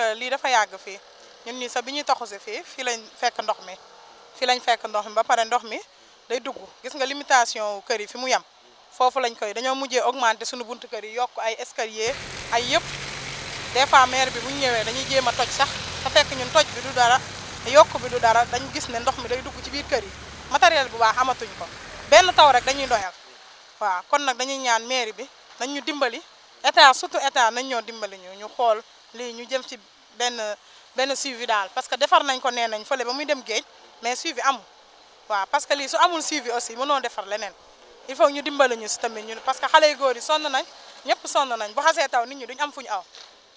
Euh, Lida dafa yàgg fii ñun ñii sax bi ñuy toxu si fii fii lañ fekk ndox mi fii lañ fekk ndox mi ba pare ndox mi day dugg gis nga limitation kër yi fi mu yem foofu lañ koy dañoo mujjee augmenter suñu buntu kër yi yokk ay escalier ay yëpp des fois maire bi bu ñu ñëwee dañuy jéem a toj sax te fekk ñun toj bi du dara yokk bi du dara dañu gis ne ndox mi day dugg ci biir kër yi matériel bu baax amatuñ ko benn taw rek dañuy doyal waaw kon dañuy ñaan maire bi dimbali état surtout état nañ dimbali ñu ñu xool lii ñu jëm ci benn benn suivi daal parce que defar nañ ko nee nañ fële ba muy dem géej mais suivi am waaw parce que lii su amul suivi aussi mënoo defar leneen il faut ñu dimbali ñu tamit ñu parce que xale yu góor yi sonn nañ ñëpp sonn nañ bu xasee taw nit ñi duñ am fu ñu aw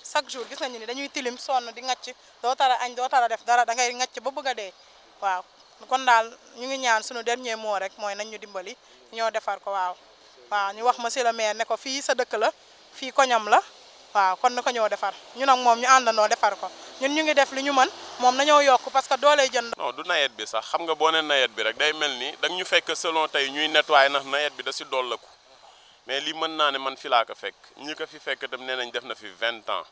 chaque jour gis nañu ni dañuy tilim sonn di ngacc doo tara añ doo tara def dara dangay ngay ngacc ba bëgg dee waaw kon daal ñu ngi ñaan suñu dernier moo rek mooy nañ ñu dimbali ñoo defar ko waaw waaw ñu wax monsieur le maire ne ko fii sa dëkk la fii koñam la waaw kon naka ko ñëw defar ñun ak moom ñu àndandoo defar ko ñun ñu ngi def li ñu mën moom nañoo yokk parce que doolee jënd non du nawet bi sax xam nga boo ne nawet bi rek day mel ni da ñu fekk selon tey ñuy nettoyé ndax nawet bi da si dollaku mais li mën naa ne man fi laa fekk ñi ko fi fekk tam nee nañ def na fi vingt ans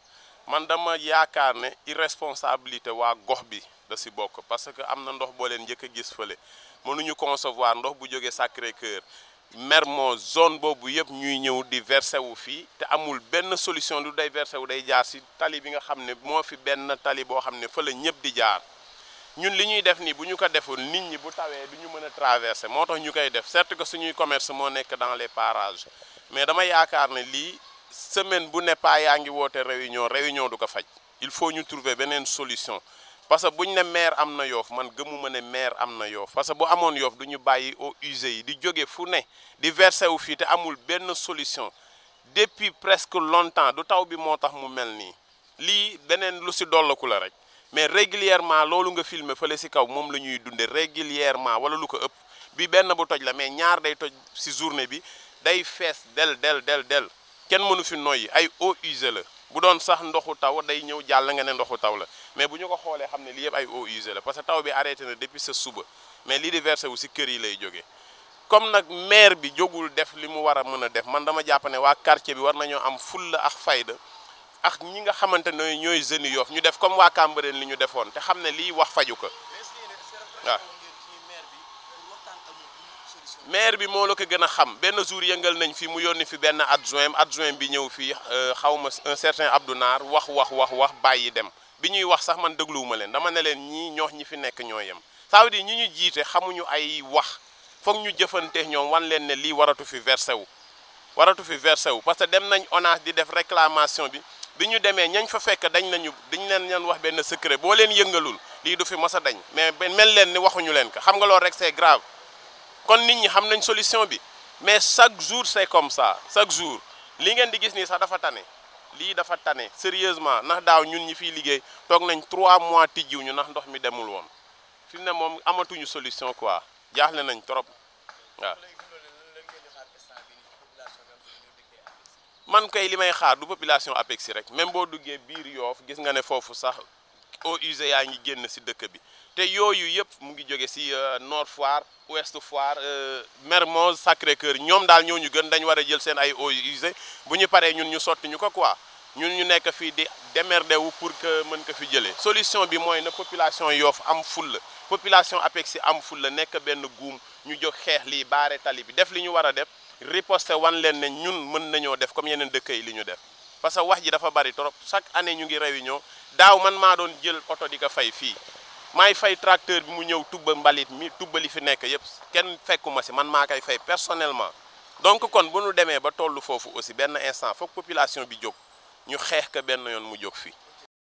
man dama yaakaar ne irresponsabilité waa gox bi da si bokk parce que am na ndox boo leen njëkk a gis fële mënuñu concevoir ndox bu jógee Sacré-Cœur mermo zone bobu yëpp ñuy ñëw di versé wu fii te amul benn solution du day versé wu day jaar ci tali bi nga xamné mo fi benn tali bo xamné ne fa la ñëpp di jaar ñun li ñuy def ni bu ñu ko deful nit ñi bu tawee duñu mëna traverser a tax def certes que suñuy commerce mo nekk dans les parages mais dama yaakaar né li semaine bu ne pas yaangi woté réunion réunion du ko faj il faut ñu trouver benen solution parce que bu ñu ne maire am na man gëmuma ne maire am na yoof parce que bu amone yof duñu bayyi au eaux yi di joggé fu né di verser wu fi té amul benn solution depuis presque longtemps du taw bi moo tax mu melni li lii lu ci dollaku la rek mais régulièrement loolu nga filmer fele ci kaw mom lañuy dundé régulièrement wala lu ko ëpp bi benn bu toj la mais ñaar day toj ci journée bi day fess del del del del kenn mënu fi noy ay eaux usées la bu doon sax ndoxu taw day ñëw jàll nga ne ndoxu taw la mais bu ñu ko xoolee xam ne lii yëpp ay eaux la parce que taw bi arrêté na depuis sa suba mais lii di versé wu si kër yi lay jóge comme nag maire bi jógul def li mu war a mën a def man dama jàpp ne waa quartier bi war nañoo am fulla ak fayda ak ñi nga xamante ne ñooy jeunes yoof ñu def comme waa Cambérène li ñu defoon te xam ne lii wax faju ko waaw maire bi moo la ko gën a xam benn jour yëngal nañ fi mu yónni fi benn adjoint adjoint bi ñëw fii euh, xawma un certain Abdou Naar wax wax wax wax bàyyi dem bi ñuy wax sax man dégluwuma leen dama ne leen ñii ñoox ñi fi nekk ñoo yem ça veut dire ñu jiite xamuñu ay wax foog ñu jëfante ñoom wan leen ne lii waratu fi versé wu waratu fi versé wu parce que dem nañ ONAS di def réclamation bi bi ñu demee ñañ fa fekk dañ nañu dañ leen leen wax benn secret boo leen yëngalul lii du fi mos a dañ mais mel leen ni waxuñu leen ko xam nga loolu rek c'est kon nit ñi solution mais chaque jour c'est comme ça chaque jour li ngeen di gis ni sax dafa tane li dafa sérieusement ndax daaw ñun ñi fi liggéey toog nañ 3 mois tijjiw ñu ndax ndox mi demul woon fi ne moom amatuñu solution quoi jaaxle nañ trop man koy xaar du population APEXI rek même boo duggee biir Yoff gis nga ne foofu sax au usé yaa génn ci dëkk bi te yoyu yep mu ngi ci euh, Nord Foire Ouest Foire euh, Mermoz Sacré-Cœur nyom daal ñoo ñu gën dañ war a jël seen ay eaux usées bu ñu paree ñun ñu sotti ñu quoi ñun ñu nekk fii di démerdé wu pour que mën ko fi jëlee solution bi mooy na population yof am full. population APEXI am fulla nek ben guum ñu jóg xeex li bare tali bi def li ñu def riposte wan len ne ñun mën nañoo def comme yenen deke yi def parce que wax ji dafa bari trop chaque année ñu ngi réunion Daw man maa doon jël oto di ko fay fi may fay tracteur bi mu ñëw tubba mbalit mi tubba li fi nekk yëpp kenn fekkuma si man maa koy fay personnellement donc kon bu nu demee ba tollu foofu aussi benn instant foog population bi jóg ñu xeex ka benn yoon mu jóg fii